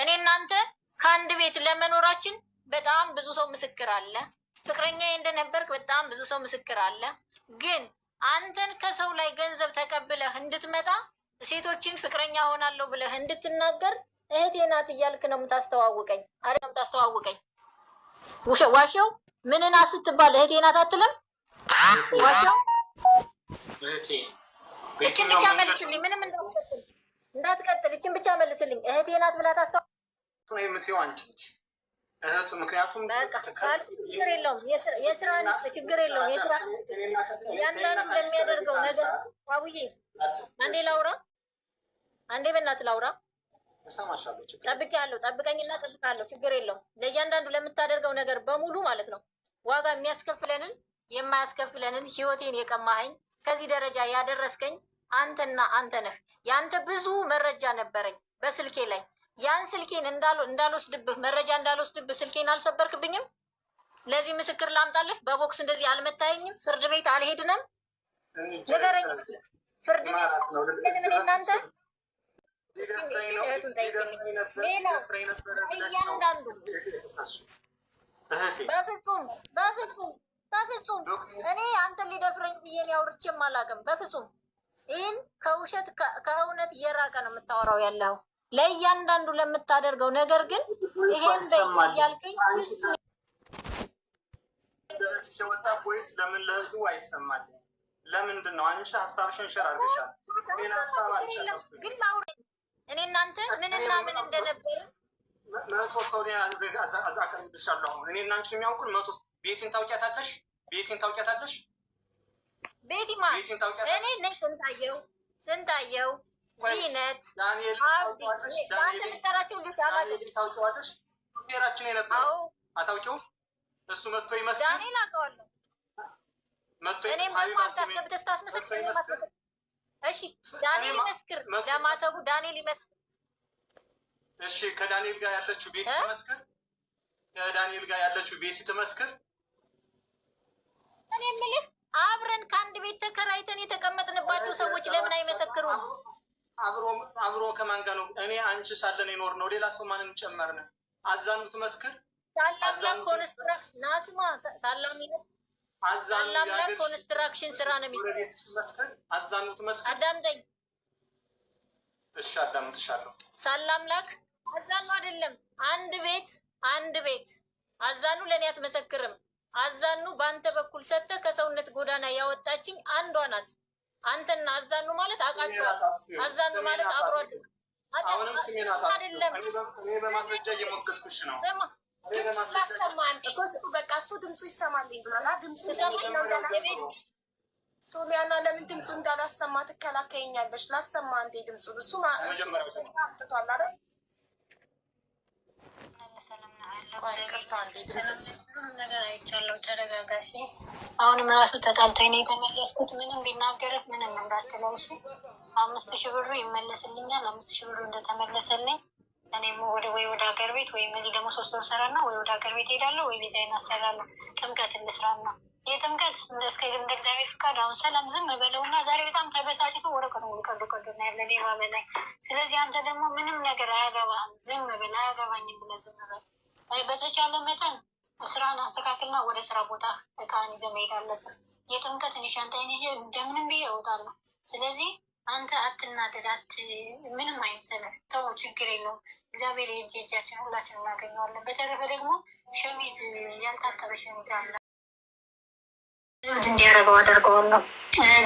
እኔ እናንተ ከአንድ ቤት ለመኖራችን በጣም ብዙ ሰው ምስክር አለ። ፍቅረኛ እንደነበርክ በጣም ብዙ ሰው ምስክር አለ። ግን አንተን ከሰው ላይ ገንዘብ ተቀብለህ እንድትመጣ ሴቶችን ፍቅረኛ ሆናለሁ ብለህ እንድትናገር እህቴ ናት እያልክ ነው የምታስተዋውቀኝ። አረ ነው የምታስተዋውቀኝ። ውሸ ዋሸው ምንና ስትባል እህቴ ናት አትልም። ዋሸው እችን ብቻ መልሽልኝ ምንም እንደ እንዳትቀጥል ይችን ብቻ መልስልኝ። እህቴ ናት ብላ ታስተዋ እህቱ። ምክንያቱም ችግር የለውም የስራ ንስጥ ችግር የለውም የስራ ያንዳንዱ ለሚያደርገው ነገር አቡዬ፣ አንዴ ላውራ፣ አንዴ በእናትህ ላውራ። ጠብቅ ያለው ጠብቀኝና ጠብቃለሁ። ችግር የለውም ለእያንዳንዱ ለምታደርገው ነገር በሙሉ ማለት ነው ዋጋ የሚያስከፍለንን የማያስከፍለንን ህይወቴን የቀማኸኝ ከዚህ ደረጃ ያደረስከኝ አንተና አንተ ነህ። የአንተ ብዙ መረጃ ነበረኝ በስልኬ ላይ ያን ስልኬን እንዳልወስድብህ መረጃ እንዳልወስድብህ ስልኬን አልሰበርክብኝም። ለዚህ ምስክር ላምጣልህ። በቦክስ እንደዚህ አልመታየኝም። ፍርድ ቤት አልሄድንም። ንገረኝ ፍርድ ቤት እናንተ በፍጹም በፍጹም በፍጹም እኔ አንተን ሊደፍረኝ ብዬን አውርቼም አላውቅም። በፍጹም ይህን ከውሸት ከእውነት እየራቀ ነው የምታወራው ያለው ለእያንዳንዱ ለምታደርገው ነገር ግን ይሄን በያልከኝ ወጣ ወይስ ለምን ለህዝቡ አይሰማል? ለምንድን ነው አንቺ ሀሳብሽን ሸር አድርገሻል። ግን ላውራ እኔ እናንተ ምንና ምን እንደነበረ መቶ ሰው አቀርብልሻለሁ። አሁን እኔ እናንቺ የሚያውቁን መቶ ቤቴን ታውቂያታለሽ፣ ቤቴን ታውቂያታለሽ ቤቲ ማለት እኔ ነኝ። ስንታየው ስንታየው ዚነት አንተ የምጠራቸው ልጆች ታውቂዋለሽ? ራችን የነበረው አታውቂውም? እሱ መጥቶ ይመስል ዳንኤል አውቀዋለሁ። እኔም ደግሞ አስገብተህ ስታስመስል እሺ፣ ዳንኤል ይመስክር፣ ለማሰቡ ዳንኤል ይመስክር። እሺ፣ ከዳንኤል ጋር ያለችው ቤቲ ትመስክር፣ ከዳንኤል ጋር ያለችው ቤቲ ትመስክር። እኔ የምልህ አብረን ከአንድ ቤት ተከራይተን የተቀመጥንባቸው ሰዎች ለምን አይመሰክሩም? አብሮ ከማን ጋር ነው? እኔ አንቺ ሳለን ይኖር ነው። ሌላ ሰው ማንን ጨመርን? አዛኑ ትመስክር። ሳላምና ኮንስትራክሽን ስራ ነው የሚመስክር። አዛኑ ትመስክር። አዳምጠኝ። እሺ አዳምጥሻለሁ። ሳላምላክ አዛኑ አይደለም። አንድ ቤት አንድ ቤት አዛኑ ለእኔ አትመሰክርም። አዛኑ በአንተ በኩል ሰጥተህ ከሰውነት ጎዳና ያወጣችኝ አንዷ ናት። አንተና አዛኑ ማለት አውቃቸዋል። አዛኑ ማለት አብሮ አሁንም ስሜናት አይደለም። እኔ በማስረጃ እየሞገትኩሽ ነው። በቃ እሱ ድምፁ ይሰማልኝ ብሏል። ድምፁ ሶሊያና ለምን ድምፁ እንዳላሰማ ትከላከይኛለች? ላሰማ እንዴ ድምፁ እሱ አምጥቷል አይደል ቆይ ነገር አይቻለሁ። ተረጋጋሲ። አሁንም ራሱ ተጣልታኝ ነው የተመለስኩት። ምንም ቢናገርህ ምንም እንዳትለው እሺ። አምስት ሺህ ብሩ ይመለስልኛል። አምስት ሺህ ብሩ እንደተመለሰልኝ እኔም ወደ ወይ ወደ ሀገር ቤት ወይም እዚህ ደግሞ ሶስት ወር ሰራና ወይ ወደ ሀገር ቤት ሄዳለሁ ወይ ቪዛዬን አሰራለሁ። ጥምቀት ልስራና የጥምቀት እስከ እንደ እግዚአብሔር ፍቃድ አሁን ሰላም ዝም በለውና ዛሬ በጣም ተበሳጭቶ ወረቀት ሙሉ ቀዶ ቀዶና ያለ ሌባ በላይ። ስለዚህ አንተ ደግሞ ምንም ነገር አያገባህም። ዝም በል አያገባኝም ብለህ ዝም በል በተቻለ መጠን ስራን አስተካክልና ወደ ስራ ቦታ እቃን ይዘህ መሄድ አለብህ። የጥምቀት እኔ ሻንጣዬን ይዤ እንደምንም ብዬ እወጣለሁ። ስለዚህ አንተ አትናደድ፣ ምንም አይምሰልህ፣ ተው፣ ችግር የለውም። እግዚአብሔር የእጅ እጃችን ሁላችን እናገኘዋለን። በተረፈ ደግሞ ሸሚዝ ያልታጠበ ሸሚዝ አለ ህይወት እንዲያደርገው አደርገዋለሁ።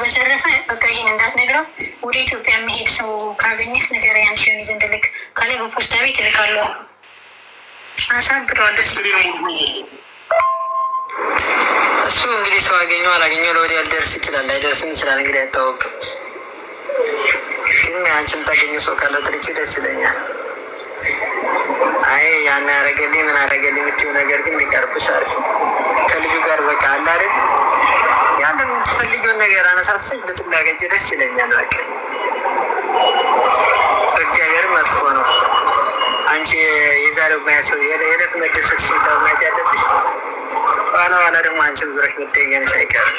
በተረፈ በቃ ይህን እንዳትነግረው ወደ ኢትዮጵያ የሚሄድ ሰው ካገኘህ ነገር ያን ሸሚዝ እንድልክ ካላይ በፖስታ ቤት እልካለሁ። አሳብደዋል። እሱ እንግዲህ ሰው አገኘው አላገኘው ለወዲያ ሊደርስ ይችላል ላይደርስም ይችላል። እንግዲህ አይታወቅም። ግን አንቺም ታገኘ ሰው ካለው ትልኪ ደስ ይለኛል። አይ ያን ያደረገልኝ ምን አደረገልኝ የምትይው ነገር ግን ቢቀርብሽ አሪፍ ነው። ከልጁ ጋር በቃ አለ አይደል ያን የምትፈልጊውን ነገር አነሳሰች ብትላገጀ ደስ ይለኛል። በቃ በእግዚአብሔር መጥፎ ነው። አንቺ የዛሬው ማያሰብ የዕለት መደሰት ስንሰብ ማየት ያለብሽ ዋና ዋና ደግሞ አንቺ ብረሽ መደገንሽ አይቀርም።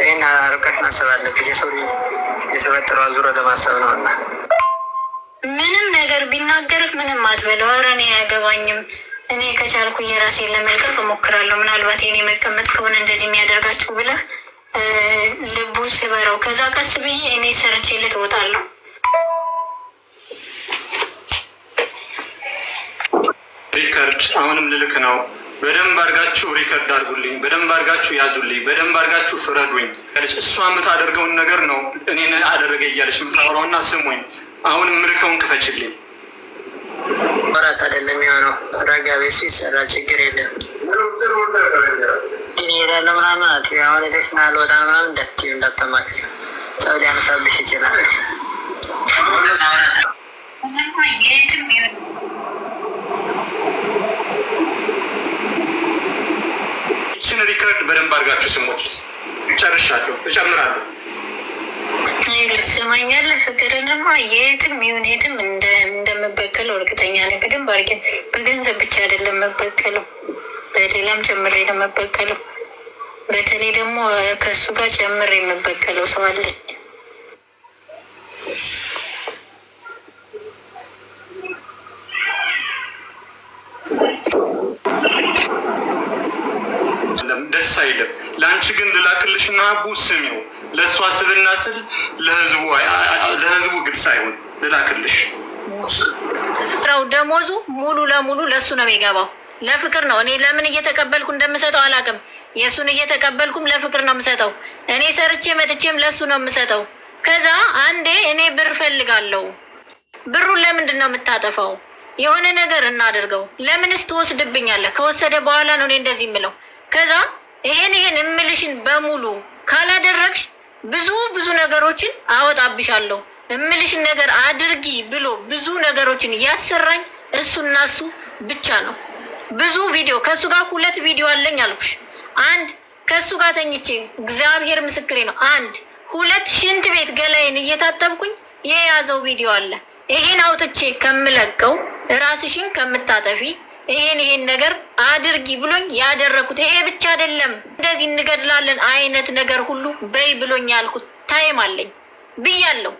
ይህን ርቀሽ ማሰብ አለብሽ። የሰው ልጅ የተፈጠረው አዙሮ ለማሰብ ነው እና ምንም ነገር ቢናገርህ ምንም አትበለው። ኧረ እኔ አያገባኝም እኔ ከቻልኩ የራሴን ለመልቀቅ እሞክራለሁ፣ ምናልባት የኔ መቀመጥ ከሆነ እንደዚህ የሚያደርጋችሁ ብለህ ልቡን ስበረው። ከዛ ቀስ ብዬ እኔ ሰርቼ ልትወጣለሁ። ሪከርድ አሁንም ልልክ ነው። በደንብ አርጋችሁ ሪከርድ አርጉልኝ በደንብ አርጋችሁ ያዙልኝ፣ በደንብ አርጋችሁ ፍረዱኝ። እሷ የምታደርገውን ነገር ነው እኔን አደረገ እያለች የምታወራውና ስሙኝ። አሁን ምልከውን ክፈችልኝ። ወራት አይደለም የሆነው ረጋቤ ሲሰራ ችግር የለም ይሄዳለ ምናምን አሁን ሄደሽ ና ምናምን እንዳት እንዳተማክ ሰው ሊያነሳብሽ ይችላል። ይችን ሪከርድ በደንብ አድርጋችሁ ስሞች። ጨርሻለሁ፣ እጨምራለሁ። ትሰማኛለህ? ፍቅርንማ የትም ይሁን የትም እንደምበቀለው እርግጠኛ ነኝ። በደንብ አድርጌ በገንዘብ ብቻ አይደለም መበቀለው፣ በሌላም ጨምሬ ነው መበቀለው። በተለይ ደግሞ ከእሱ ጋር ጨምሬ የምበቀለው ሰው አለኝ። ደስ አይልም። ለአንቺ ግን ልላክልሽና ቡ ስሚው፣ ለእሷ ስብና ስል ለህዝቡ ግልጽ አይሆን ልላክልሽ። ስራው ደሞዙ ሙሉ ለሙሉ ለእሱ ነው የሚገባው። ለፍቅር ነው። እኔ ለምን እየተቀበልኩ እንደምሰጠው አላውቅም። የእሱን እየተቀበልኩም ለፍቅር ነው የምሰጠው። እኔ ሰርቼ መጥቼም ለእሱ ነው የምሰጠው። ከዛ አንዴ እኔ ብር ፈልጋለሁ። ብሩን ለምንድን ነው የምታጠፋው? የሆነ ነገር እናደርገው። ለምንስ ትወስድብኛለህ? ከወሰደ በኋላ ነው እኔ እንደዚህ የምለው ከዛ ይሄን ይሄን እምልሽን በሙሉ ካላደረግሽ ብዙ ብዙ ነገሮችን አወጣብሻለሁ እምልሽን ነገር አድርጊ ብሎ ብዙ ነገሮችን ያሰራኝ እሱና እሱ ብቻ ነው። ብዙ ቪዲዮ ከእሱ ጋር ሁለት ቪዲዮ አለኝ አልኩሽ። አንድ ከእሱ ጋር ተኝቼ እግዚአብሔር ምስክሬ ነው። አንድ ሁለት ሽንት ቤት ገላይን እየታጠብኩኝ የያዘው ቪዲዮ አለ። ይሄን አውጥቼ ከምለቀው ራስሽን ከምታጠፊ ይሄን ይሄን ነገር አድርጊ ብሎኝ ያደረኩት ይሄ ብቻ አይደለም፣ እንደዚህ እንገድላለን አይነት ነገር ሁሉ በይ ብሎኝ ያልኩት ታይም አለኝ ብያለሁ።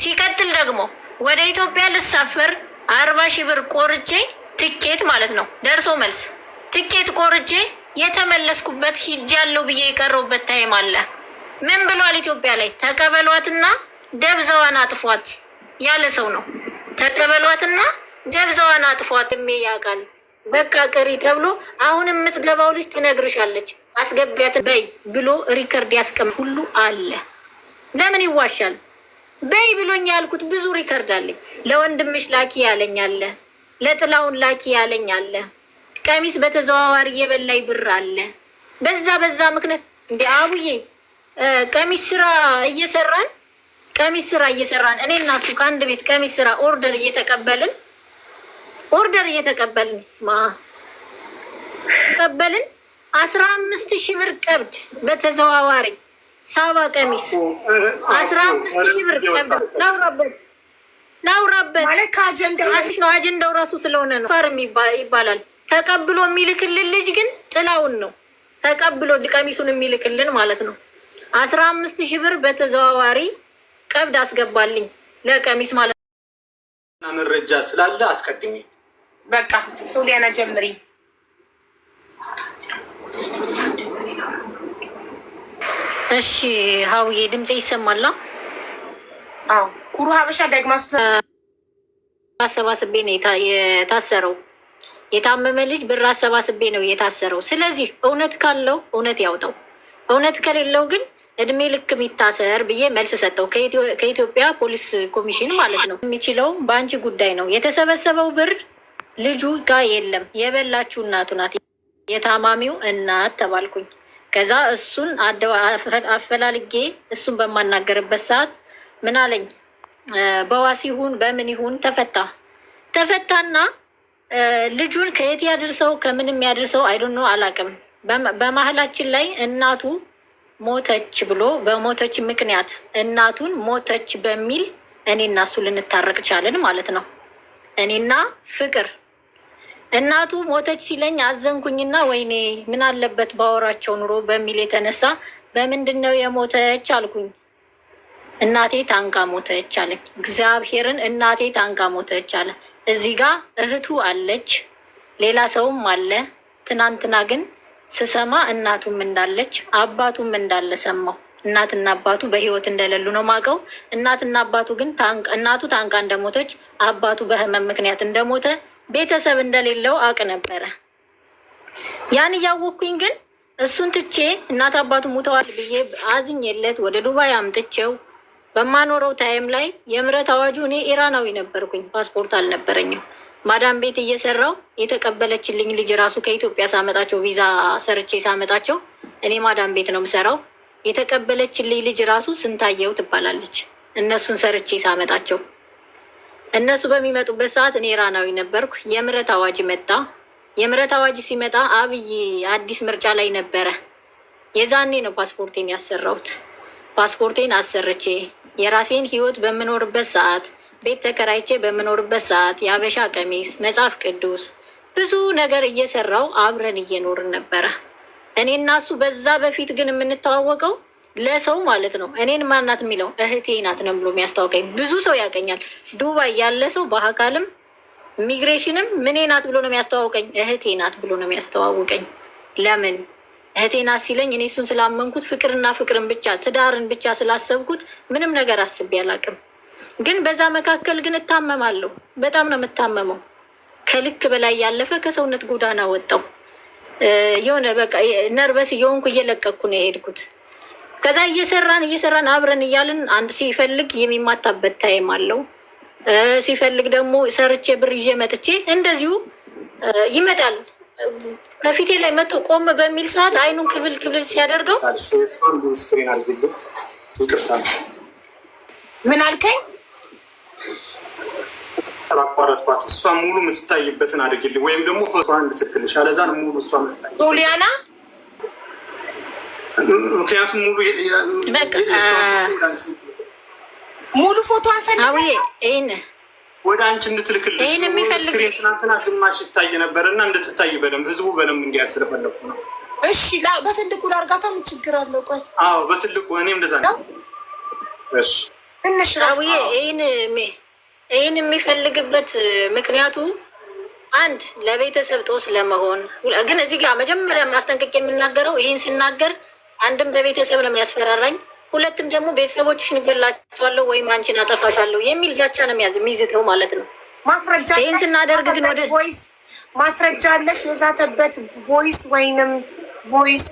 ሲቀጥል ደግሞ ወደ ኢትዮጵያ ልሳፈር አርባ ሺህ ብር ቆርጬ ትኬት ማለት ነው ደርሶ መልስ ትኬት ቆርጬ የተመለስኩበት ሂጃለሁ ብዬ የቀረውበት ታይም አለ። ምን ብሏል? ኢትዮጵያ ላይ ተቀበሏትና ደብዛዋን አጥፏት ያለ ሰው ነው። ተቀበሏትና ደብዛዋን አጥፏት ሜ ያውቃል። በቃ ቀሪ ተብሎ አሁን የምትገባው ልጅ ትነግርሻለች አስገቢያት በይ ብሎ ሪከርድ ያስቀም ሁሉ አለ። ለምን ይዋሻል? በይ ብሎኝ ያልኩት ብዙ ሪከርድ አለኝ። ለወንድምሽ ላኪ ያለኝ አለ፣ ለጥላውን ላኪ ያለኝ አለ፣ ቀሚስ በተዘዋዋሪ የበላይ ብር አለ። በዛ በዛ ምክንያት እንደ አቡዬ ቀሚስ ስራ እየሰራን ቀሚስ ስራ እየሰራን እኔ እና ከአንድ ቤት ቀሚስ ስራ ኦርደር እየተቀበልን ኦርደር እየተቀበልን ስማ ተቀበልን አስራ አምስት ሺህ ብር ቀብድ በተዘዋዋሪ ሳባ ቀሚስ አስራ አምስት ሺህ ብር ቀብድ። ላውራበት ላውራበት ነው አጀንዳው ራሱ ስለሆነ ነው። ፋርም ይባላል። ተቀብሎ የሚልክልን ልጅ ግን ጥላውን ነው ተቀብሎ ቀሚሱን የሚልክልን ማለት ነው። አስራ አምስት ሺህ ብር በተዘዋዋሪ ቀብድ አስገባልኝ ለቀሚስ ማለት መረጃ ስላለ አስቀድሜ በቃ ሶሊያና ጀምሪ። እሺ ሀውዬ ድምጽ ይሰማላ? አዎ ኩሩ ሀበሻ ዳግማስ አሰባስቤ ነው የታሰረው። የታመመ ልጅ ብር አሰባስቤ ነው የታሰረው። ስለዚህ እውነት ካለው እውነት ያውጣው፣ እውነት ከሌለው ግን እድሜ ልክ የሚታሰር ብዬ መልስ ሰጠው። ከኢትዮጵያ ፖሊስ ኮሚሽን ማለት ነው። የሚችለው በአንቺ ጉዳይ ነው የተሰበሰበው ብር ልጁ ጋር የለም የበላችሁ እናቱ ናት የታማሚው እናት ተባልኩኝ። ከዛ እሱን አፈላልጌ እሱን በማናገርበት ሰዓት ምን አለኝ? በዋስ ይሁን በምን ይሁን ተፈታ ተፈታና ልጁን ከየት ያድርሰው ከምንም ያድርሰው አይዶኖ አላውቅም። በመሀላችን ላይ እናቱ ሞተች ብሎ በሞተች ምክንያት እናቱን ሞተች በሚል እኔና እሱ ልንታረቅ ቻለን ማለት ነው። እኔና ፍቅር እናቱ ሞተች ሲለኝ አዘንኩኝና ወይኔ ምን አለበት ባወራቸው ኑሮ በሚል የተነሳ በምንድን ነው የሞተች አልኩኝ። እናቴ ታንቃ ሞተች አለ። እግዚአብሔርን እናቴ ታንቃ ሞተች አለ። እዚህ ጋ እህቱ አለች፣ ሌላ ሰውም አለ። ትናንትና ግን ስሰማ እናቱም እንዳለች አባቱም እንዳለ ሰማሁ። እናትና አባቱ በህይወት እንደሌሉ ነው ማውቀው። እናትና አባቱ ግን እናቱ ታንቃ እንደሞተች፣ አባቱ በህመም ምክንያት እንደሞተ ቤተሰብ እንደሌለው አውቅ ነበረ። ያን እያወቅኩኝ ግን እሱን ትቼ እናት አባቱ ሙተዋል ብዬ አዝኜለት ወደ ዱባይ አምጥቼው በማኖረው ታይም ላይ የምህረት አዋጁ እኔ ኢራናዊ ነበርኩኝ፣ ፓስፖርት አልነበረኝም። ማዳም ቤት እየሰራው የተቀበለችልኝ ልጅ ራሱ ከኢትዮጵያ ሳመጣቸው ቪዛ ሰርቼ ሳመጣቸው እኔ ማዳም ቤት ነው የምሰራው። የተቀበለችልኝ ልጅ ራሱ ስንታየው ትባላለች። እነሱን ሰርቼ ሳመጣቸው እነሱ በሚመጡበት ሰዓት እኔ ራናዊ ነበርኩ። የምረት አዋጅ መጣ። የምረት አዋጅ ሲመጣ አብይ አዲስ ምርጫ ላይ ነበረ። የዛኔ ነው ፓስፖርቴን ያሰራሁት። ፓስፖርቴን አሰርቼ የራሴን ህይወት በምኖርበት ሰዓት፣ ቤት ተከራይቼ በምኖርበት ሰዓት የአበሻ ቀሚስ፣ መጽሐፍ ቅዱስ ብዙ ነገር እየሰራው አብረን እየኖርን ነበረ እኔ እና እሱ። በዛ በፊት ግን የምንተዋወቀው ለሰው ማለት ነው። እኔን ማናት የሚለው እህቴ ናት ነው ብሎ የሚያስታወቀኝ ብዙ ሰው ያገኛል። ዱባይ ያለ ሰው በአካልም ኢሚግሬሽንም ምኔ ናት ብሎ ነው የሚያስተዋውቀኝ። እህቴ ናት ብሎ ነው የሚያስተዋውቀኝ። ለምን እህቴ ናት ሲለኝ እኔ እሱን ስላመንኩት ፍቅርና ፍቅርን ብቻ ትዳርን ብቻ ስላሰብኩት ምንም ነገር አስቤ አላቅም። ግን በዛ መካከል ግን እታመማለሁ። በጣም ነው የምታመመው። ከልክ በላይ ያለፈ ከሰውነት ጎዳና ወጣው የሆነ በቃ ነርበስ እየሆንኩ እየለቀኩ ነው የሄድኩት። ከዛ እየሰራን እየሰራን አብረን እያልን አንድ ሲፈልግ የሚማታበት ታይም አለው። ሲፈልግ ደግሞ ሰርቼ ብር ይዤ መጥቼ እንደዚሁ ይመጣል። ከፊቴ ላይ መጥቶ ቆም በሚል ሰዓት አይኑን ክብል ክብል ሲያደርገው ምን አልከኝ? ተቋረጥኳት። እሷ ሙሉ የምትታይበትን አድርጊልኝ ወይም ደግሞ ፎቶ አንድ ትክልሻ ለዛን ሙሉ እሷ ምትታይ ሶሊያና ምክንያቱም ሙሉ ሙሉ ፎቶ አንፈልግም ወደ አንቺ እንድትልክልሽ ትናንትና ግማሽ ይታይ ነበር እና እንድትታይ በደንብ ህዝቡ በደንብ እንዲያ ስለፈለኩ ነው። እሺ በትልቁ ላርጋታ ምን ችግር አለው? ቆይ አዎ፣ በትልቁ እኔም እንደዛ ነው። እሺ ትንሽ ይህን የሚፈልግበት ምክንያቱ አንድ ለቤተሰብ ጦስ ለመሆን ግን እዚህ ጋር መጀመሪያ ማስጠንቀቅ የምናገረው ይህን ስናገር አንድም በቤተሰብ ነው የሚያስፈራራኝ፣ ሁለትም ደግሞ ቤተሰቦችሽን እገላቸዋለሁ ወይም አንቺን አጠፋሻለሁ የሚል ጃቻ ነው የሚያዝ የሚይዝተው ማለት ነው። ማስረጃ ይህን ስናደርግ ግን ወደ ማስረጃ አለሽ የዛተበት ቮይስ ወይንም ቮይስ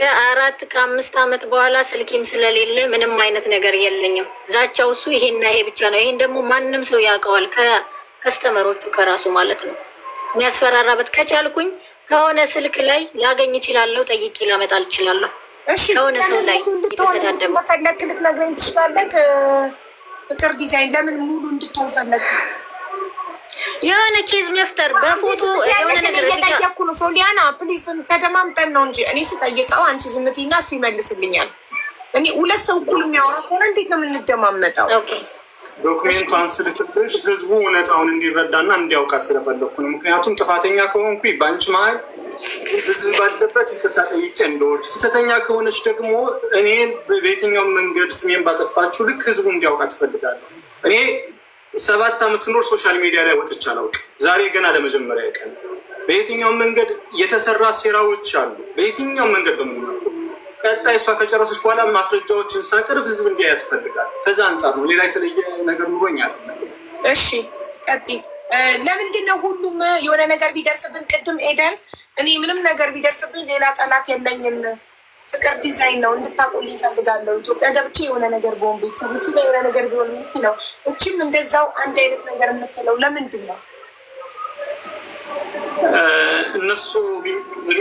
ከአራት ከአምስት ዓመት በኋላ ስልኪም ስለሌለ ምንም አይነት ነገር የለኝም። ዛቻው እሱ ይሄና ይሄ ብቻ ነው። ይሄን ደግሞ ማንም ሰው ያውቀዋል፣ ከከስተመሮቹ ከራሱ ማለት ነው የሚያስፈራራበት ከቻልኩኝ ከሆነ ስልክ ላይ ላገኝ ይችላለሁ፣ ጠይቄ ላመጣል ይችላለሁ። ከሆነ ሰው ላይ የተሰዳደቡ ፈለክ ልትነግረኝ ትችላለህ። ፍቅር ዲዛይን ለምን ሙሉ እንድትሆን ፈለግ የሆነ ኬዝ መፍጠር በፎቶ የሆነ ነው። ሶሊያና ፕሊስ ተደማምጠን ነው እንጂ እኔ ስጠይቀው አንቺ ዝምቲና እሱ ይመልስልኛል። እኔ ሁለት ሰው እኩል የሚያወራ ከሆነ እንዴት ነው የምንደማመጠው? ዶክሜንቷን ስልክልሽ ህዝቡ እውነታውን እንዲረዳና እንዲያውቃ ስለፈለግኩ ነው። ምክንያቱም ጥፋተኛ ከሆንኩ በአንቺ መሀል ህዝብ ባለበት ይቅርታ ጠይቄ እንደወድ፣ ስህተተኛ ከሆነች ደግሞ እኔ በየትኛው መንገድ ስሜን ባጠፋችሁ ልክ ህዝቡ እንዲያውቃ ትፈልጋለሁ። እኔ ሰባት ዓመት ኖር ሶሻል ሚዲያ ላይ ወጥቼ አላውቅም። ዛሬ ገና ለመጀመሪያ ቀን በየትኛው መንገድ የተሰራ ሴራዎች አሉ በየትኛው መንገድ በመሆናል ቀጣይ እሷ ከጨረሰች በኋላ ማስረጃዎችን ሳቅርብ ህዝብ እንዲያ ያስፈልጋል። ከዛ አንጻር ነው፣ ሌላ የተለየ ነገር ኑሮኛል። እሺ ቀጥይ። ለምንድን ነው ሁሉም የሆነ ነገር ቢደርስብን፣ ቅድም ኤደን እኔ ምንም ነገር ቢደርስብኝ ሌላ ጠላት የለኝም ፍቅር ዲዛይን ነው እንድታቆልኝ እፈልጋለሁ። ኢትዮጵያ ገብቼ የሆነ ነገር ቢሆን ቤተሰቦች ላይ የሆነ ነገር ቢሆን የምትለው እችም እንደዛው አንድ አይነት ነገር የምትለው ለምንድን ነው? እነሱ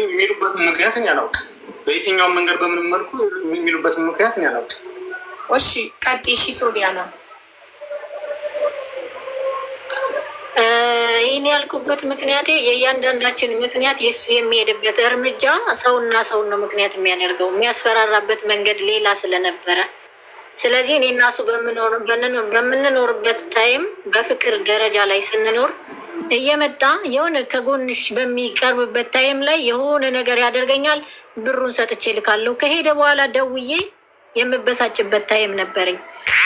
የሚሉበትን ምክንያት እኛ አላውቅም። በየትኛውም መንገድ በምንም መልኩ የሚሉበትን ምክንያት እኔ አላውቅም። እሺ ቀጤ ሺ ነው ይህን ያልኩበት ምክንያት የእያንዳንዳችን ምክንያት የሱ የሚሄድበት እርምጃ ሰውና ሰውን ነው ምክንያት የሚያደርገው የሚያስፈራራበት መንገድ ሌላ ስለነበረ ስለዚህ እኔ እና እሱ በምንኖርበት ታይም በፍቅር ደረጃ ላይ ስንኖር እየመጣ የሆነ ከጎንሽ በሚቀርብበት ታይም ላይ የሆነ ነገር ያደርገኛል። ብሩን ሰጥቼ ልካለሁ። ከሄደ በኋላ ደውዬ የምበሳጭበት ታይም ነበረኝ።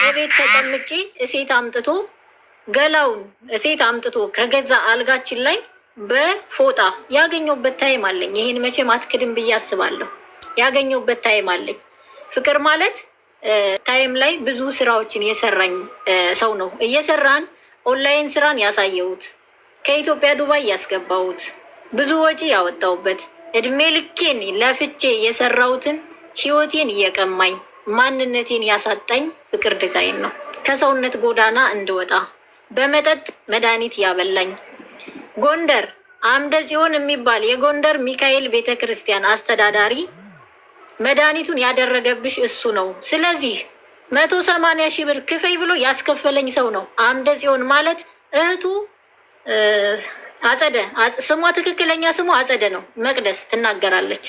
እቤት ተቀምጬ እሴት አምጥቶ ገላውን እሴት አምጥቶ ከገዛ አልጋችን ላይ በፎጣ ያገኘሁበት ታይም አለኝ። ይህን መቼም አትክድም ብዬ አስባለሁ። ያገኘሁበት ታይም አለኝ። ፍቅር ማለት ታይም ላይ ብዙ ስራዎችን የሰራኝ ሰው ነው። እየሰራን ኦንላይን ስራን ያሳየሁት ከኢትዮጵያ ዱባይ ያስገባሁት ብዙ ወጪ ያወጣሁበት እድሜ ልኬን ለፍቼ የሰራሁትን ህይወቴን እየቀማኝ ማንነቴን ያሳጣኝ ፍቅር ዲዛይን ነው። ከሰውነት ጎዳና እንድወጣ በመጠጥ መድኃኒት ያበላኝ ጎንደር አምደ ጽዮን የሚባል የጎንደር ሚካኤል ቤተ ክርስቲያን አስተዳዳሪ መድኃኒቱን ያደረገብሽ እሱ ነው። ስለዚህ መቶ ሰማንያ ሺህ ብር ክፈይ ብሎ ያስከፈለኝ ሰው ነው አምደ ጽዮን ማለት እህቱ አጸደ ስሟ ትክክለኛ ስሟ አጸደ ነው። መቅደስ ትናገራለች።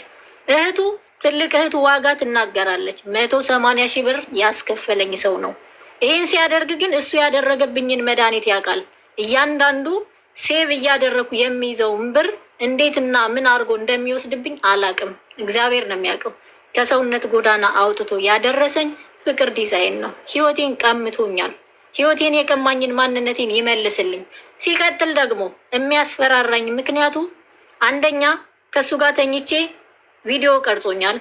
እህቱ ትልቅ እህቱ ዋጋ ትናገራለች። መቶ ሰማንያ ሺህ ብር ያስከፈለኝ ሰው ነው። ይህን ሲያደርግ ግን እሱ ያደረገብኝን መድኃኒት ያውቃል። እያንዳንዱ ሴብ እያደረግኩ የሚይዘውን ብር እንዴትና ምን አድርጎ እንደሚወስድብኝ አላቅም። እግዚአብሔር ነው የሚያውቀው። ከሰውነት ጎዳና አውጥቶ ያደረሰኝ ፍቅር ዲዛይን ነው። ህይወቴን ቀምቶኛል። ህይወቴን የቀማኝን ማንነቴን ይመልስልኝ። ሲቀጥል ደግሞ የሚያስፈራራኝ ምክንያቱ አንደኛ ከእሱ ጋር ተኝቼ ቪዲዮ ቀርጾኛል፣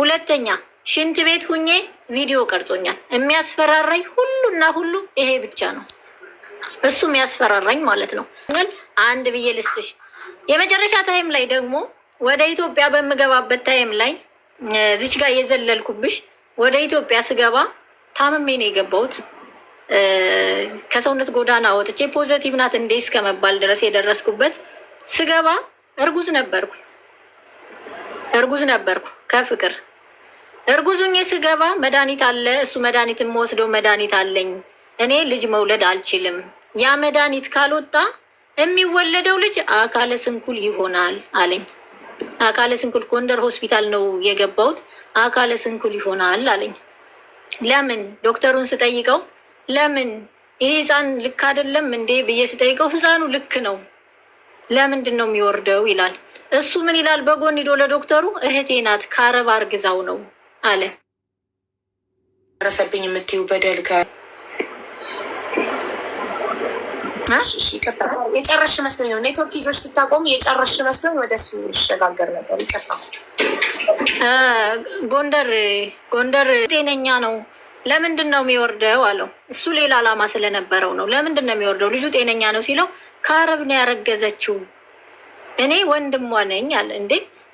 ሁለተኛ ሽንት ቤት ሁኜ ቪዲዮ ቀርጾኛል። የሚያስፈራራኝ ሁሉና ሁሉ ይሄ ብቻ ነው። እሱ የሚያስፈራራኝ ማለት ነው። ግን አንድ ብዬ ልስጥሽ፣ የመጨረሻ ታይም ላይ ደግሞ ወደ ኢትዮጵያ በምገባበት ታይም ላይ እዚች ጋር የዘለልኩብሽ፣ ወደ ኢትዮጵያ ስገባ ታምሜ ነው የገባሁት። ከሰውነት ጎዳና ወጥቼ ፖዘቲቭ ናት እንዴ እስከመባል ድረስ የደረስኩበት። ስገባ እርጉዝ ነበርኩ እርጉዝ ነበርኩ ከፍቅር እርጉዙኝ ስገባ መድኃኒት አለ እሱ መድኃኒት የምወስደው መድኃኒት አለኝ። እኔ ልጅ መውለድ አልችልም። ያ መድኃኒት ካልወጣ የሚወለደው ልጅ አካለ ስንኩል ይሆናል አለኝ። አካለ ስንኩል ጎንደር ሆስፒታል ነው የገባሁት። አካለ ስንኩል ይሆናል አለኝ። ለምን ዶክተሩን ስጠይቀው ለምን ይህ ህፃን ልክ አይደለም እንዴ ብዬ ስጠይቀው ህፃኑ ልክ ነው ለምንድን ነው የሚወርደው ይላል። እሱ ምን ይላል? በጎን ሂዶ ለዶክተሩ እህቴ ናት ከአረብ አርግዛው ነው አለ። ረሰብኝ የምትይው በደል የጨረሽ መስሎኝ ነው። ኔትወርክ ይዞች ስታቆሙ የጨረሽ መስሎኝ ወደ እሱ ይሸጋገር ነበር። ይቅርታ ጎንደር ጎንደር ጤነኛ ነው ለምንድን ነው የሚወርደው አለው። እሱ ሌላ ዓላማ ስለነበረው ነው። ለምንድን ነው የሚወርደው? ልጁ ጤነኛ ነው ሲለው ከአረብ ነው ያረገዘችው እኔ ወንድሟ ነኝ አለ። እንዴ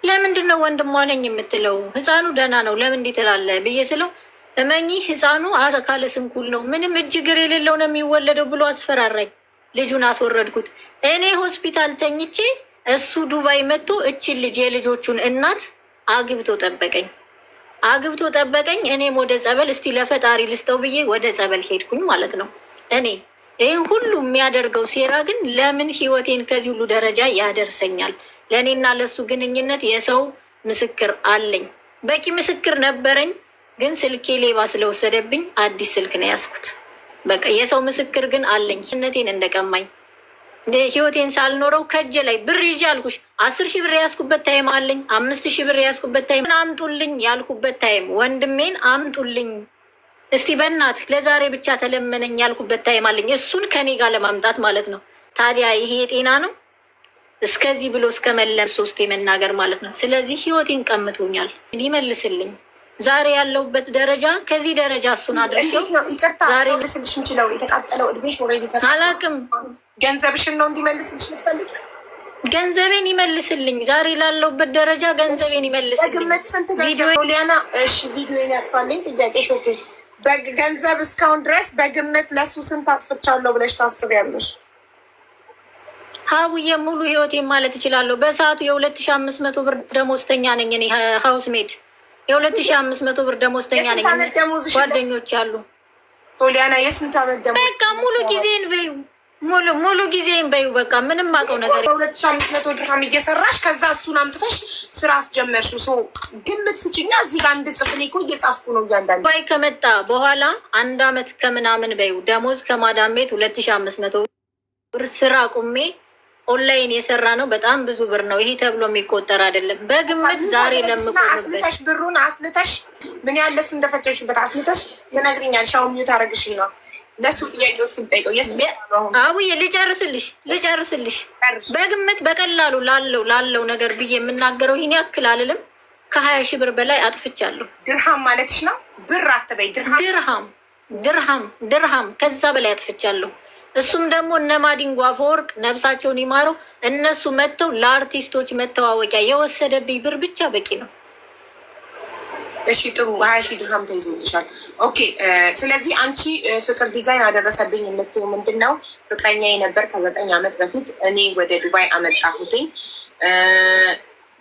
ለምንድን ነው ወንድሟ ነኝ የምትለው? ህፃኑ ደህና ነው ለምን እንዲህ ትላለህ ብዬ ስለው እመኚ ህፃኑ አካለ ስንኩል ነው ምንም እጅ እግር የሌለው ነው የሚወለደው ብሎ አስፈራራኝ። ልጁን አስወረድኩት። እኔ ሆስፒታል ተኝቼ እሱ ዱባይ መጥቶ እችን ልጅ የልጆቹን እናት አግብቶ ጠበቀኝ። አግብቶ ጠበቀኝ። እኔም ወደ ጸበል እስቲ ለፈጣሪ ልስጠው ብዬ ወደ ጸበል ሄድኩኝ ማለት ነው። እኔ ይህ ሁሉ የሚያደርገው ሴራ ግን ለምን ህይወቴን ከዚህ ሁሉ ደረጃ ያደርሰኛል? ለእኔና ለሱ ግንኙነት የሰው ምስክር አለኝ። በቂ ምስክር ነበረኝ፣ ግን ስልኬ ሌባ ስለወሰደብኝ አዲስ ስልክ ነው ያስኩት። በቃ የሰው ምስክር ግን አለኝ ነቴን እንደቀማኝ ህይወቴን ሳልኖረው ከጀ ላይ ብር ይዤ አልኩሽ። አስር ሺህ ብር ያዝኩበት ታይም አለኝ። አምስት ሺህ ብር ያዝኩበት ታይም አምጡልኝ ያልኩበት ታይም ወንድሜን አምጡልኝ እስቲ በእናት ለዛሬ ብቻ ተለመነኝ ያልኩበት ታይም አለኝ። እሱን ከኔ ጋር ለማምጣት ማለት ነው። ታዲያ ይሄ የጤና ነው? እስከዚህ ብሎ እስከ መለም ሶስት የመናገር ማለት ነው። ስለዚህ ህይወቴን ቀምቶኛል። ይመልስልኝ። ዛሬ ያለውበት ደረጃ ከዚህ ደረጃ እሱን አድርሼው ዛሬ ልስልሽ ምችለው የተቃጠለው እድሜሽ አላቅም ገንዘብሽን ነው እንዲመልስልሽ የምትፈልጊ? ገንዘቤን ይመልስልኝ። ዛሬ ላለውበት ደረጃ ገንዘቤን ይመልስልኝ። ግምት ስንት ገንዘብ ሊያና? እሺ ቪዲዮን ያጥፋልኝ። ጥያቄሽ ኦኬ። በገንዘብ እስካሁን ድረስ በግምት ለእሱ ስንት አጥፍቻለሁ ብለሽ ታስቢያለሽ? ሀቡዬ ሙሉ ህይወቴን ማለት እችላለሁ። በሰዓቱ የሁለት ሺ አምስት መቶ ብር ደሞዝተኛ ነኝ እኔ ሀውስ ሜድ የሁለት ሺ አምስት መቶ ብር ደሞዝተኛ ነኝ። ጓደኞች አሉ። ቶሊያና የስንት አመት ደሞ? በቃ ሙሉ ጊዜን በዩ ሙሉ ሙሉ ጊዜን በዩ በቃ ምንም አውቀው ነገር ሁለት ሺህ አምስት መቶ ድርሃም እየሰራሽ ከዛ እሱን አምጥተሽ ስራ አስጀመርሽ። ሶ ግምት ስጭኛ እዚህ ጋር እንድጽፍ እኔ እኮ እየጻፍኩ ነው። እያንዳንዱ ባይ ከመጣ በኋላ አንድ አመት ከምናምን በዩ ደሞዝ ከማዳም ቤት ሁለት ሺህ አምስት መቶ ብር ስራ ቁሜ ኦንላይን የሰራ ነው። በጣም ብዙ ብር ነው ይሄ ተብሎ የሚቆጠር አይደለም። በግምት ዛሬ ለምቆ አስልተሽ ብሩን አስልተሽ ምን ያለሱ እንደፈጨሽበት አስልተሽ ትነግሪኛለሽ። ሻውሚዩ ታደረግሽኝ ነው ለሱ ጥያቄዎችን ጠይቀው። አቡዬ ልጨርስልሽ ልጨርስልሽ በግምት በቀላሉ ላለው ላለው ነገር ብዬ የምናገረው ይህን ያክል አልልም። ከሀያ ሺህ ብር በላይ አጥፍቻለሁ። ድርሃም ማለትሽ ነው? ብር አትበይ፣ ድርሃም ድርሃም ድርሃም ከዛ በላይ አጥፍቻለሁ። እሱም ደግሞ እነ ማዲንጎ አፈወርቅ ነብሳቸውን ይማረው እነሱ መጥተው ለአርቲስቶች መተዋወቂያ የወሰደብኝ ብር ብቻ በቂ ነው። እሺ ጥሩ ሀያ ሺህ ድርሃም ተይዞልሻል። ኦኬ ስለዚህ አንቺ ፍቅር ዲዛይን አደረሰብኝ የምትሉ ምንድን ነው? ፍቅረኛ የነበር ከዘጠኝ ዓመት በፊት እኔ ወደ ዱባይ አመጣሁትኝ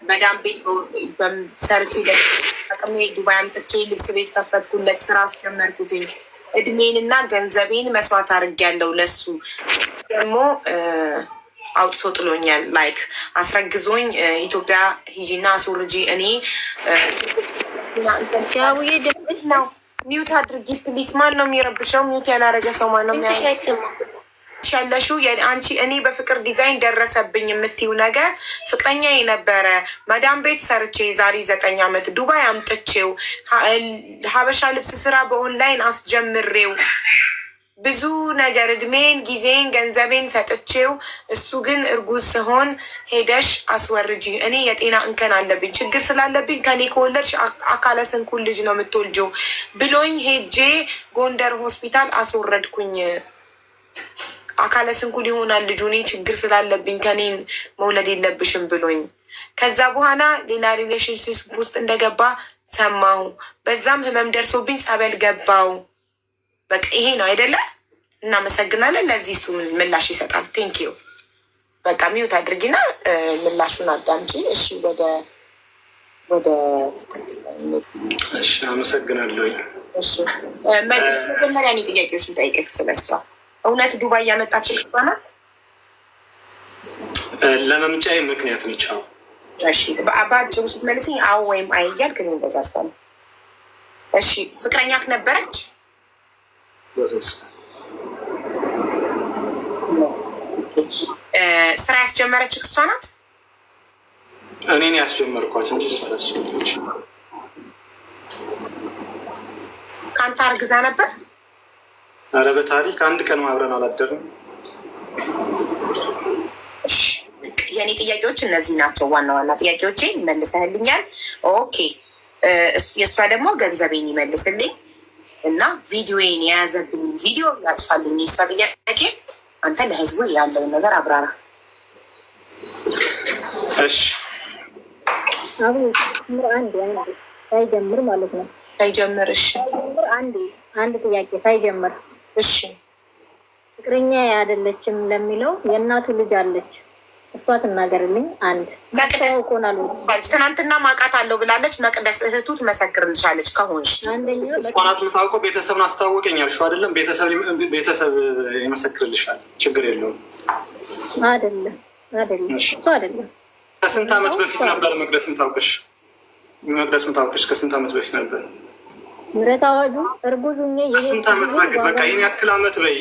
በዳም ቤት በሰርቲ ጠቅሜ ዱባይ አምጥቼ ልብስ ቤት ከፈትኩለት፣ ስራ አስጀመርኩትኝ። እድሜን እና ገንዘቤን መስዋዕት አድርጌያለሁ። ለሱ ደግሞ አውጥቶ ጥሎኛል። ላይክ አስረግዞኝ ኢትዮጵያ ሂጂና ሶልጂ እኔ ነው። ሚውት አድርጊ ፕሊስ። ማን ነው የሚረብሸው? ሚውት ያላረገ ሰው ማን ነው ሸለሹ አንቺ እኔ በፍቅር ዲዛይን ደረሰብኝ የምትይው ነገር ፍቅረኛ የነበረ መዳም ቤት ሰርቼ ዛሬ ዘጠኝ ዓመት ዱባይ አምጥቼው ሀበሻ ልብስ ስራ በኦንላይን አስጀምሬው ብዙ ነገር እድሜን፣ ጊዜን፣ ገንዘቤን ሰጥቼው እሱ ግን እርጉዝ ስሆን ሄደሽ አስወርጂ፣ እኔ የጤና እንከን አለብኝ፣ ችግር ስላለብኝ ከኔ ከወለድሽ አካለ ስንኩል ልጅ ነው የምትወልጂው ብሎኝ ሄጄ ጎንደር ሆስፒታል አስወረድኩኝ። አካለ ስንኩል ይሆናል ልጁ፣ እኔ ችግር ስላለብኝ ከኔን መውለድ የለብሽም ብሎኝ ከዛ በኋላ ሌላ ሪሌሽንሽፕ ውስጥ እንደገባ ሰማሁ። በዛም ህመም ደርሶብኝ ጸበል ገባው። በቃ ይሄ ነው አይደለ? እናመሰግናለን። ለዚህ እሱ ምላሽ ይሰጣል። ቴንክ ዩ። በቃ ሚውት አድርጊና ምላሹን አዳምጪ። እሺ፣ ወደ ወደ እሺ፣ አመሰግናለሁ። እሺ፣ መጀመሪያ እኔ ጥያቄዎችን ጠይቀክ ስለሷ እውነት ዱባይ እያመጣችው ልጅቷ ናት? ለመምጫዬ ምክንያት ነች። እሺ፣ በአጭሩ ስትመልስኝ አዎ ወይም አይ እያልክ እኔ እንደዛ ስባል እሺ፣ ፍቅረኛክ ነበረች? ስራ ያስጀመረች እሷ ናት። እኔን ያስጀመርኳት እንጂ ስላስጀመረች ከአንተ አርግዛ ነበር። ኧረ በታሪክ አንድ ቀን ማብረን አላደርም። የእኔ ጥያቄዎች እነዚህ ናቸው። ዋና ዋና ጥያቄዎች ይመልሰህልኛል። ኦኬ፣ የእሷ ደግሞ ገንዘቤን ይመልስልኝ። እና ቪዲዮን የያዘብኝ ቪዲዮ ያጥፋልኝ። የእሷ ጥያቄ አንተ ለህዝቡ ያለውን ነገር አብራራ። እሺ ሳይጀምር ማለት ነው ሳይጀምር እሺ፣ አንድ አንድ ጥያቄ ሳይጀምር እሺ፣ ፍቅረኛ አይደለችም ለሚለው የእናቱ ልጅ አለች እሷ ትናገርልኝ። አንድ መቅደስ ትናንትና ማቃት አለው ብላለች። መቅደስ እህቱ ትመሰክርልሻለች። ከሆንሽ ናት ምታውቀ ቤተሰብን አስተዋወቀኝ አልሽው አይደለም? ቤተሰብ ይመሰክርልሻል። ችግር የለውም። አይደለም አይደለም፣ ከስንት አመት በፊት ነበር መቅደስ የምታውቅሽ? መቅደስ የምታውቅሽ ከስንት አመት በፊት ነበር? ምረት አዋጁ እርጉዝ ሁኜ ከስንት ዓመት በፊት በቃ ይህን ያክል በይ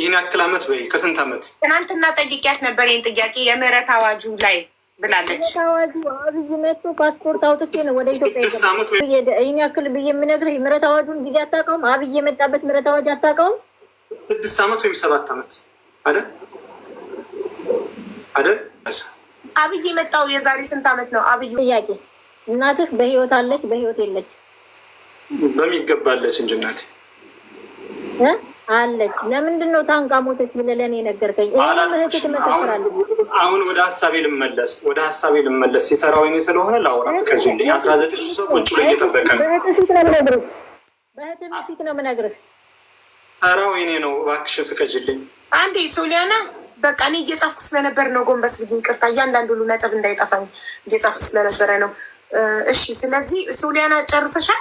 ይህን ያክል በይ ከስንት አመት ትናንትና ጠይቂያት ነበር። ይህን ጥያቄ የምረት አዋጁ ላይ ብላለች። ምረት አዋጁ አብይ መጥቶ ፓስፖርት አውጥቼ ነው ወደ ኢትዮጵያ ይህን ያክል ብዬ የምነግርህ ምረት አዋጁን ጊዜ አታውቀውም። አብይ የመጣበት ምረት አዋጅ አታውቀውም። ስድስት አመት ወይም ሰባት አመት አይደል አይደል? አብይ የመጣው የዛሬ ስንት ዓመት ነው? አብይ ጥያቄ እናትህ በህይወት አለች በህይወት የለች በሚገባለች እንጂ እናቴ አለች። ለምንድን ነው ታንቃ ሞተች ብለህ ለእኔ ነገርከኝ? አሁን ወደ ሀሳቤ ልመለስ፣ ወደ ሀሳቤ ልመለስ። የሰራ እኔ ስለሆነ ላውራ ፍቅር ጅልኝ አስራ ዘጠኝ ሰው ቁጭ ብሎ እየጠበቀ ነው። በእህትህ ፊት ነው የምነግርህ። ሰራ ወይኔ ነው እባክሽን ፍቅር ጅልኝ አንዴ። ሶሊያና በቃ እኔ እየጻፍኩ ስለነበር ነው ጎንበስ ብዬ ይቅርታ። እያንዳንዱ ሁሉ ነጥብ እንዳይጠፋኝ እየጻፍኩ ስለነበረ ነው። እሺ፣ ስለዚህ ሶሊያና ጨርሰሻል?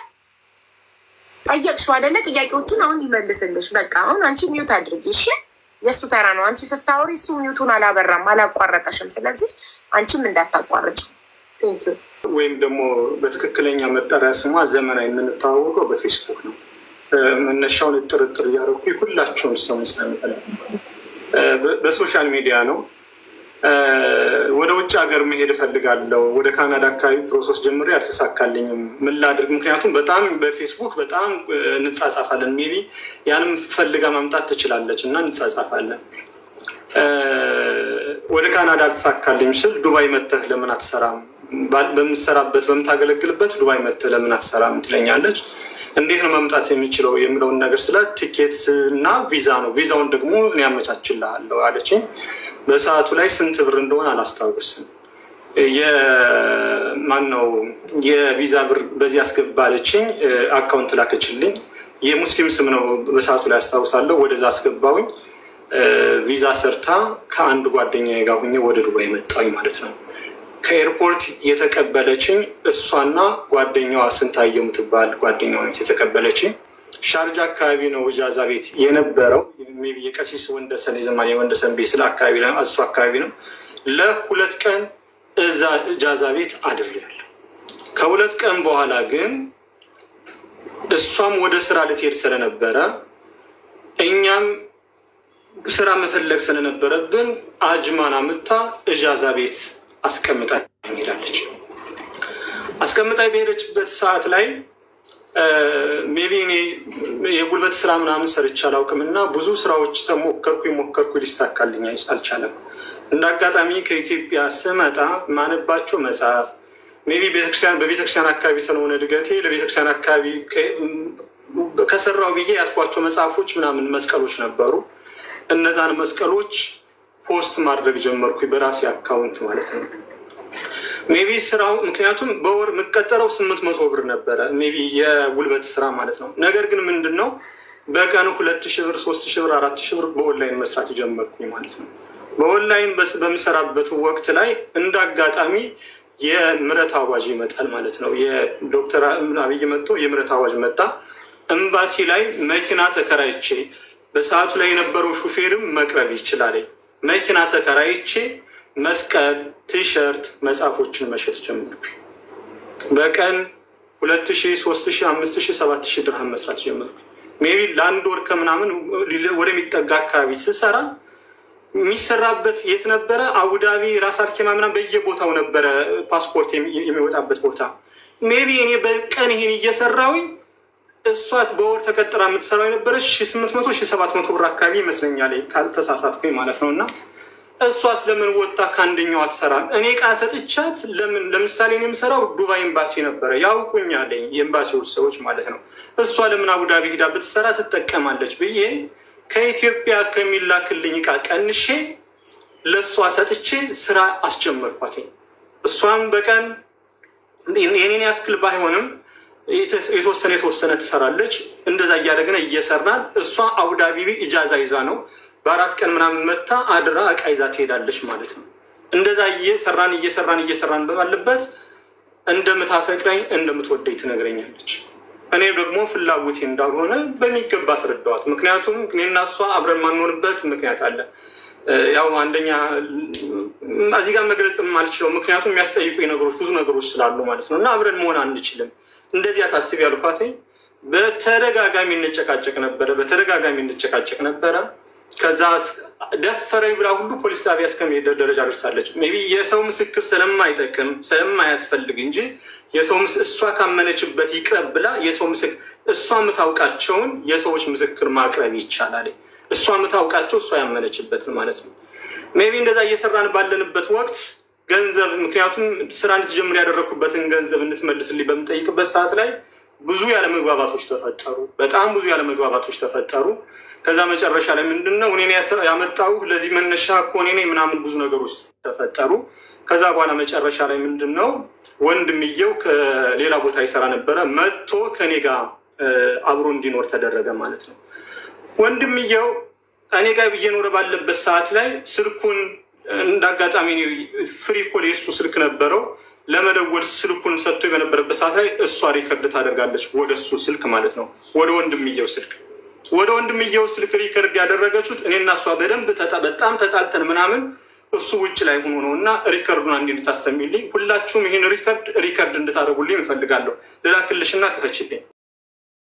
ጠየቅሽው አይደለ? ጥያቄዎቹን አሁን ይመልስልሽ። በቃ አሁን አንቺ ሚዩት አድርጊ እሺ። የእሱ ተራ ነው። አንቺ ስታወሪ እሱ ሚዩቱን አላበራም አላቋረጠሽም። ስለዚህ አንቺም እንዳታቋርጭ። ቴንኪዩ። ወይም ደግሞ በትክክለኛ መጠሪያ ስሟ ዘመና የምንታወቀው በፌስቡክ ነው። መነሻውን ጥርጥር እያደረኩ ሁላቸውን ሰው ስለምፈለ በሶሻል ሚዲያ ነው ወደ ውጭ ሀገር መሄድ እፈልጋለሁ። ወደ ካናዳ አካባቢ ፕሮሰስ ጀምሬ አልተሳካልኝም። ምን ላድርግ? ምክንያቱም በጣም በፌስቡክ በጣም እንጻጻፋለን። ሜቢ ያንም ፈልጋ ማምጣት ትችላለች እና እንጻጻፋለን። ወደ ካናዳ አልተሳካልኝ ስል ዱባይ መተህ ለምን አትሰራም? በምትሰራበት በምታገለግልበት ዱባይ መተህ ለምን አትሰራም ትለኛለች። እንዴት ነው መምጣት የሚችለው የሚለውን ነገር ስለ ቲኬት እና ቪዛ ነው። ቪዛውን ደግሞ እኔ ያመቻችልሃለሁ አለችኝ። በሰዓቱ ላይ ስንት ብር እንደሆነ አላስታውስም። ነው የቪዛ ብር በዚህ አስገባለችኝ፣ አካውንት ላከችልኝ። የሙስሊም ስም ነው በሰዓቱ ላይ አስታውሳለሁ። ወደዛ አስገባውኝ። ቪዛ ሰርታ ከአንድ ጓደኛ ጋር ሁኜ ወደ ዱባይ መጣሁኝ ማለት ነው። ከኤርፖርት የተቀበለችኝ እሷና ጓደኛዋ ስንታየሙትባል ጓደኛዋ የተቀበለችኝ ሻርጃ አካባቢ ነው ውጃዛ ቤት የነበረው። የቀሲስ ወንደሰን የዘማን የወንደሰን ቤት ስለ አካባቢ እሱ አካባቢ ነው። ለሁለት ቀን እዛ እጃዛ ቤት አድሬያለሁ። ከሁለት ቀን በኋላ ግን እሷም ወደ ስራ ልትሄድ ስለነበረ እኛም ስራ መፈለግ ስለነበረብን አጅማን አምታ እጃዛ ቤት አስቀምጣ ሄዳለች። አስቀምጣ በሄደችበት ሰዓት ላይ ሜቢ እኔ የጉልበት ስራ ምናምን ሰርቼ አላውቅም እና ብዙ ስራዎች ሞከርኩ ሞከርኩ ሊሳካልኝ አልቻለም። እንደ አጋጣሚ ከኢትዮጵያ ስመጣ ማነባቸው መጽሐፍ ሜቢ ቤተክርስቲያን በቤተክርስቲያን አካባቢ ስለሆነ እድገቴ ለቤተክርስቲያን አካባቢ ከሰራው ብዬ ያስኳቸው መጽሐፎች ምናምን መስቀሎች ነበሩ። እነዛን መስቀሎች ፖስት ማድረግ ጀመርኩ በራሴ አካውንት ማለት ነው። ሜቢ ስራው ምክንያቱም በወር የምቀጠረው ስምንት መቶ ብር ነበረ፣ ሜቢ የጉልበት ስራ ማለት ነው። ነገር ግን ምንድን ነው በቀን ሁለት ሺህ ብር፣ ሶስት ሺህ ብር፣ አራት ሺህ ብር በኦንላይን መስራት ጀመርኩኝ ማለት ነው። በኦንላይን በምሰራበት ወቅት ላይ እንደ አጋጣሚ የምረት አዋጅ ይመጣል ማለት ነው። የዶክተር አብይ መጥቶ የምረት አዋጅ መጣ። ኤምባሲ ላይ መኪና ተከራይቼ በሰዓቱ ላይ የነበረው ሹፌርም መቅረብ ይችላል። መኪና ተከራይቼ መስቀል፣ ቲሸርት፣ መጽሐፎችን መሸጥ ጀመርኩ። በቀን ሁለት ሺህ ሦስት ሺህ አምስት ሺህ ሰባት ሺህ መስራት ጀመርኩ። ሜቢ ለአንድ ወር ከምናምን ወደሚጠጋ አካባቢ ስሰራ የሚሰራበት የት ነበረ? አቡዳቢ ራስ አልኬማ ምናምን በየቦታው ነበረ ፓስፖርት የሚወጣበት ቦታ። ሜቢ እኔ በቀን ይሄን እየሰራውኝ እሷት በወር ተቀጥራ የምትሰራው የነበረች ሺህ ስምንት መቶ ሰባት መቶ ብር አካባቢ ይመስለኛል ካልተሳሳትኩኝ ማለት ነው እና እሷስ ለምን ወጣ ከአንደኛው አትሰራም? እኔ ዕቃ ሰጥቻት ለምን ለምሳሌ የምሰራው ዱባይ ኤምባሲ ነበረ ያውቁኛለኝ የኤምባሲዎች ሰዎች ማለት ነው። እሷ ለምን አቡዳቢ ሂዳ ብትሰራ ትጠቀማለች ብዬ ከኢትዮጵያ ከሚላክልኝ ዕቃ ቀንሼ ለእሷ ሰጥቼ ስራ አስጀመርኳትኝ። እሷም በቀን የኔን ያክል ባይሆንም የተወሰነ የተወሰነ ትሰራለች። እንደዛ እያደግነ እየሰራን እሷ አቡዳቢ ኢጃዛ ይዛ ነው በአራት ቀን ምናምን መታ አድራ እቃ ይዛ ትሄዳለች ማለት ነው። እንደዛ እየሰራን እየሰራን እየሰራን በባለበት እንደምታፈቅረኝ እንደምትወደኝ ትነግረኛለች። እኔ ደግሞ ፍላጎቴ እንዳልሆነ በሚገባ አስረዳዋት። ምክንያቱም እኔና እሷ አብረን ማንሆንበት ምክንያት አለ። ያው አንደኛ እዚህ ጋር መግለጽ አልችለው፣ ምክንያቱም የሚያስጠይቁ ነገሮች ብዙ ነገሮች ስላሉ ማለት ነው። እና አብረን መሆን አንችልም። እንደዚህ አታስቢ ያልኳት። በተደጋጋሚ እንጨቃጨቅ ነበረ፣ በተደጋጋሚ እንጨቃጨቅ ነበረ። ከዛ ደፈረኝ ብላ ሁሉ ፖሊስ ጣቢያ እስከመሄድ ደረጃ ደርሳለች። ቢ የሰው ምስክር ስለማይጠቅም ስለማያስፈልግ እንጂ የሰው እሷ ካመነችበት ይቅረብ ብላ የሰው ምስክር እሷ የምታውቃቸውን የሰዎች ምስክር ማቅረብ ይቻላል። እሷ የምታውቃቸው እሷ ያመነችበትን ማለት ነው። ሜቢ እንደዛ እየሰራን ባለንበት ወቅት ገንዘብ ምክንያቱም ስራ እንድትጀምር ያደረግኩበትን ገንዘብ እንድትመልስልኝ በምጠይቅበት ሰዓት ላይ ብዙ ያለመግባባቶች ተፈጠሩ። በጣም ብዙ ያለመግባባቶች ተፈጠሩ። ከዛ መጨረሻ ላይ ምንድን ነው እኔ ያመጣው ለዚህ መነሻ እኮ እኔ ምናምን ብዙ ነገሮች ተፈጠሩ። ከዛ በኋላ መጨረሻ ላይ ምንድን ነው ወንድምየው ከሌላ ቦታ ይሰራ ነበረ መጥቶ ከኔ ጋር አብሮ እንዲኖር ተደረገ ማለት ነው። ወንድምየው እኔ ጋር እየኖረ ባለበት ሰዓት ላይ ስልኩን እንዳጋጣሚ ፍሪ ኮል የሱ ስልክ ነበረው ለመደወል ስልኩን ሰጥቶ በነበረበት ሰዓት ላይ እሷ ሪከርድ ታደርጋለች ወደ እሱ ስልክ ማለት ነው፣ ወደ ወንድምየው ስልክ ወደ ወንድምየው ስልክ ሪከርድ ያደረገችሁት እኔና እሷ በደንብ በጣም ተጣልተን ምናምን እሱ ውጭ ላይ ሆኖ ነው እና ሪከርዱን አንድ እንድታሰሚልኝ ሁላችሁም ይህን ሪከርድ ሪከርድ እንድታደርጉልኝ እፈልጋለሁ። ልላክልሽና ክፈችልኝ።